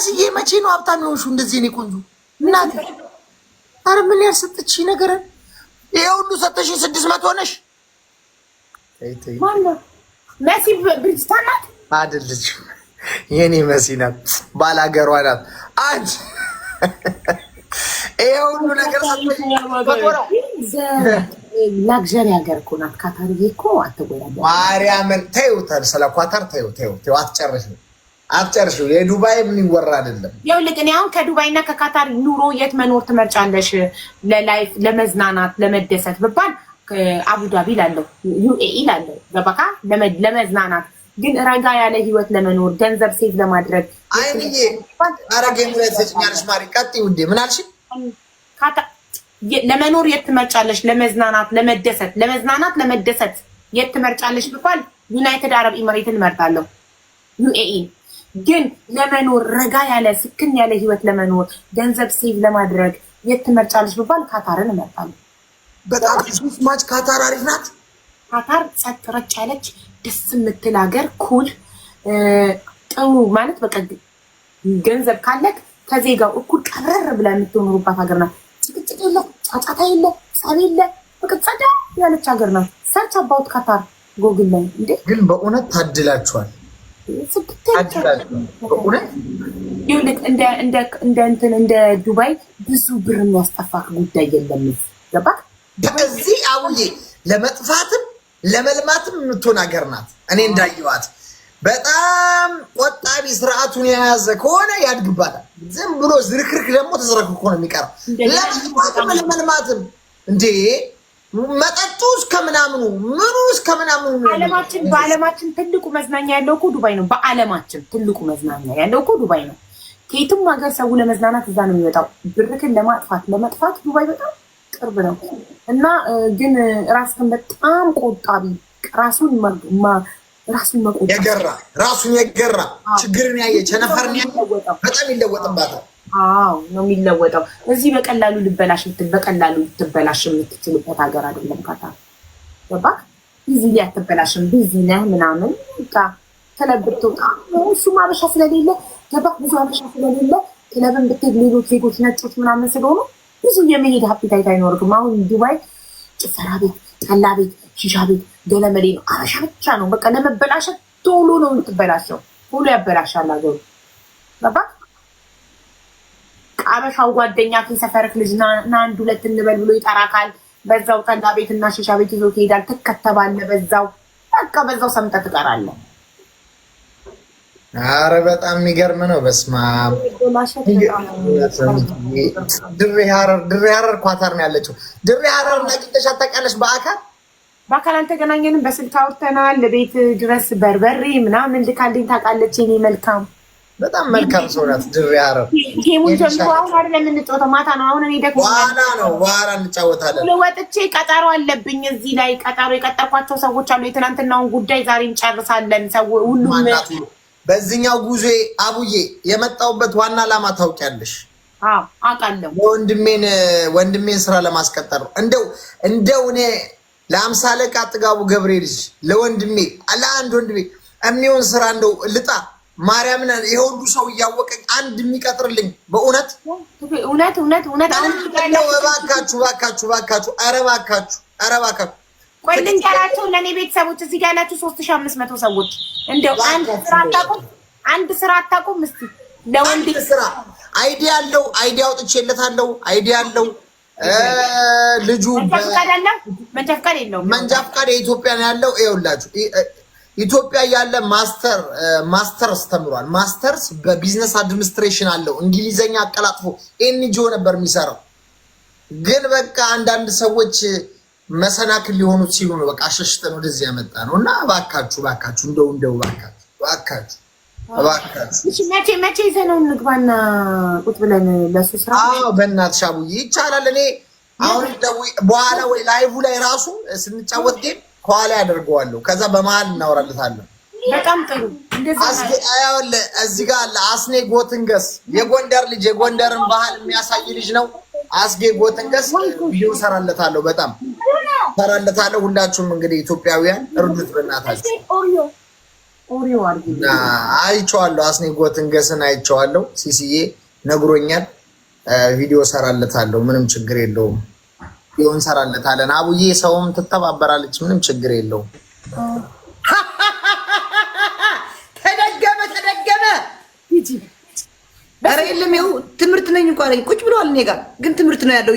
ራስዬ መቼ ነው ሀብታም የሆንሹ? እንደዚህ እኔ ቆንጆ እናት አረ ምን ያህል ነገር ይሄ ሁሉ ሰጥሽኝ ስድስት መቶ ነሽ መሲ ብርጅታ ናት አድልጅ የኔ መሲ ናት፣ ባላገሯ ናት። አንድ ይሄ ሁሉ ነገር ላግዠሪ ሀገር እኮ ናት ካታር እኮ አትጎዳ። ማርያምን ተይው፣ ስለ ኳታር ተይው፣ ተይው፣ ተይው አትጨርሽም አፍጨርሹ የዱባይ የሚወራ አይደለም። ይኸውልህ እኔ አሁን ከዱባይና ከካታር ኑሮ የት መኖር ትመርጫለሽ? ለላይፍ ለመዝናናት ለመደሰት ብባል አቡዳቢ ላለው ዩኤኢ ላለው በበቃ ለመዝናናት ግን ረጋ ያለ ህይወት ለመኖር ገንዘብ ሴት ለማድረግ አይንዬ አረጌ ሙለት ሰጭኛለሽ። ማሪ ቀጥ ውዴ ምን አልሽ? ለመኖር የት ትመርጫለሽ? ለመዝናናት ለመደሰት ለመዝናናት ለመደሰት የት ትመርጫለሽ ብባል ዩናይትድ አረብ ኢሚሬትን እመርጣለሁ ዩኤኢ ግን ለመኖር ረጋ ያለ ስክን ያለ ህይወት ለመኖር ገንዘብ ሴቭ ለማድረግ የት ትመርጫለች ብባል ካታርን እመርጣለሁ። በጣም ሱስ ማች ካታር አሪፍ ናት። ካታር ጸጥ ረጭ ያለች ደስ የምትል ሀገር፣ ኩል ጥሩ ማለት በቃ ገንዘብ ካለክ ከዜጋው እኩል ቀረር ብላ የምትኖሩባት ሀገር ናት። ጭቅጭቅ የለ፣ ጫጫታ የለ፣ ጸብ የለ፣ በቃ ጸዳ ያለች ሀገር ናት። ሰርች አባውት ካታር ጎግል ላይ እንዴ። ግን በእውነት ታድላችኋል። እንትን እንደ ዱባይ ብዙ ብር የሚያስጠፋ ጉዳይ የለም። ገባ በዚህ አቡዬ ለመጥፋትም ለመልማትም የምትሆን ሀገር ናት። እኔ እንዳየዋት በጣም ቆጣቢ ስርዓቱን የያዘ ከሆነ ያድግባታል። ዝም ብሎ ዝርክርክ ደግሞ ተዝረክርኮ ነው የሚቀረው ለመጥፋትም ለመልማትም እንዴ መጠጡ እስከ ምናምኑ ምኑ እስከ ምናምኑ ዓለማችን በዓለማችን ትልቁ መዝናኛ ያለው እኮ ዱባይ ነው። በዓለማችን ትልቁ መዝናኛ ያለው እኮ ዱባይ ነው። ከየትም ሀገር ሰው ለመዝናናት እዛ ነው የሚወጣው። ብርክን ለማጥፋት ለመጥፋት ዱባይ በጣም ቅርብ ነው እና ግን ራስን በጣም ቆጣቢ ራሱን ራሱን መቆጣ የገራ ራሱን የገራ ችግርን ያየ ቸነፈርን ያየ በጣም ይለወጥባታል። አዎ ነው የሚለወጠው። እዚህ በቀላሉ ልበላሽ ምትል በቀላሉ ልትበላሽ የምትችልበት ሀገር አይደለም። ካታ ገባ ቢዚ አትበላሽም፣ ቢዚ ነህ ምናምን ቃ ክለብቶ እሱ ማበሻ ስለሌለ ገባ ብዙ አበሻ ስለሌለ ክለብን ብትሄድ ሌሎች ዜጎች ነጮች ምናምን ስለሆኑ ብዙ የመሄድ ሀፒታይት አይኖርግም። አሁን ዱባይ ጭፈራ ቤት፣ ጠላ ቤት፣ ሺሻ ቤት ገለመሌ ነው። አበሻ ብቻ ነው በቃ ለመበላሸት ቶሎ ነው የምትበላሸው። ሁሉ ያበላሻል አገሩ ገባ አበሻው ጓደኛ ከሰፈርክ ልጅ ና አንድ ሁለት እንበል ብሎ ይጠራካል። በዛው ጠላ ቤት እና ሸሻ ቤት ይዞ ትሄዳል። ትከተባለህ። በዛው በቃ በዛው ሰምጠህ ትቀራለህ። አረ በጣም የሚገርም ነው። በስማ ድሬ ሀረር ኳታር ነው ያለችው። ድሬ ሀረር ናቂጠሻ ታውቂያለሽ? በአካል በአካል አልተገናኘንም። በስልክ አውርተናል። ቤት ድረስ በርበሬ ምናምን ልካልኝ ታውቃለች። የኔ መልካም በጣም መልካም ሰው ናት። ድሬ ሀረር ጌሙን ጀምሮ አሁን አይደለም እንጫወተው፣ ማታ ነው። አሁን እኔ ደግሞ በኋላ ነው በኋላ እንጫወታለን። ወጥቼ ቀጠሮ አለብኝ እዚህ ላይ ቀጠሮ የቀጠርኳቸው ሰዎች አሉ። የትናንትናውን ጉዳይ ዛሬ እንጨርሳለን። ሰው ሁሉም በዚህኛው ጉዞ አቡዬ የመጣሁበት ዋና ዓላማ ታውቂያለሽ፣ አውቃለሁ። ወንድሜን ወንድሜን ስራ ለማስቀጠር ነው። እንደው እንደው እኔ ለአምሳ አለቃ ጥጋቡ ገብሬ ልጅ ለወንድሜ ለአንድ ወንድሜ የሚሆን ስራ እንደው ልጣ ማርያምን ይሄ ሁሉ ሰው እያወቀ አንድ የሚቀጥርልኝ በእውነት እውነት እውነት እውነት እባካችሁ እባካችሁ ቆይ ለእኔ ቤተሰቦች እዚህ ጋር ያላችሁ ሶስት ሺህ አምስት መቶ ሰዎች እንደው አንድ ስራ አታውቁም፣ አንድ ስራ አታውቁም። እስኪ ለወንድ ስራ አይዲያ አለው፣ አይዲያ አውጥቼለታለሁ። አይዲያ አለው ልጁ መንጃ ፈቃድ የለውም። መንጃ ፈቃድ የኢትዮጵያ ነው ያለው። ይኸውላችሁ ኢትዮጵያ ያለ ማስተር ማስተርስ ተምሯል። ማስተርስ በቢዝነስ አድሚኒስትሬሽን አለው። እንግሊዘኛ አቀላጥፎ ኤንጂኦ ነበር የሚሰራው። ግን በቃ አንዳንድ ሰዎች መሰናክል ሊሆኑት ሲሉ ነው በቃ አሸሽተን ወደዚህ ያመጣ ነው። እና እባካችሁ እባካችሁ እንደው እንደው እባካችሁ እባካችሁ በእናትሽ አቡዬ ይቻላል። እኔ አሁን በኋላ ወይ ላይቭ ላይ ራሱ ስንጫወት ጌም ከኋላ ያደርገዋለሁ። ከዛ በመሀል እናወራለታለን። በጣም ጥሩ። እዚህ ጋር አለ አስኔ ጎትንገስ የጎንደር ልጅ የጎንደርን ባህል የሚያሳይ ልጅ ነው። አስጌ ጎትንገስ ቪዲዮ ሰራለታለሁ። በጣም ሰራለታለሁ። ሁላችሁም እንግዲህ ኢትዮጵያውያን እርዱት በእናታችሁ። አይቼዋለሁ። አስኔ ጎትንገስን አይቼዋለሁ። ሲሲዬ ነግሮኛል። ቪዲዮ ሰራለታለሁ። ምንም ችግር የለውም። ይኸው እንሰራለታለን። አቡዬ ሰውም ትተባበራለች፣ ምንም ችግር የለውም። ተደገመ ተደገመ። ኧረ የለም ይኸው ትምህርት ነኝ እንኳን ቁጭ ብለዋል። እኔ ጋር ግን ትምህርት ነው ያለው።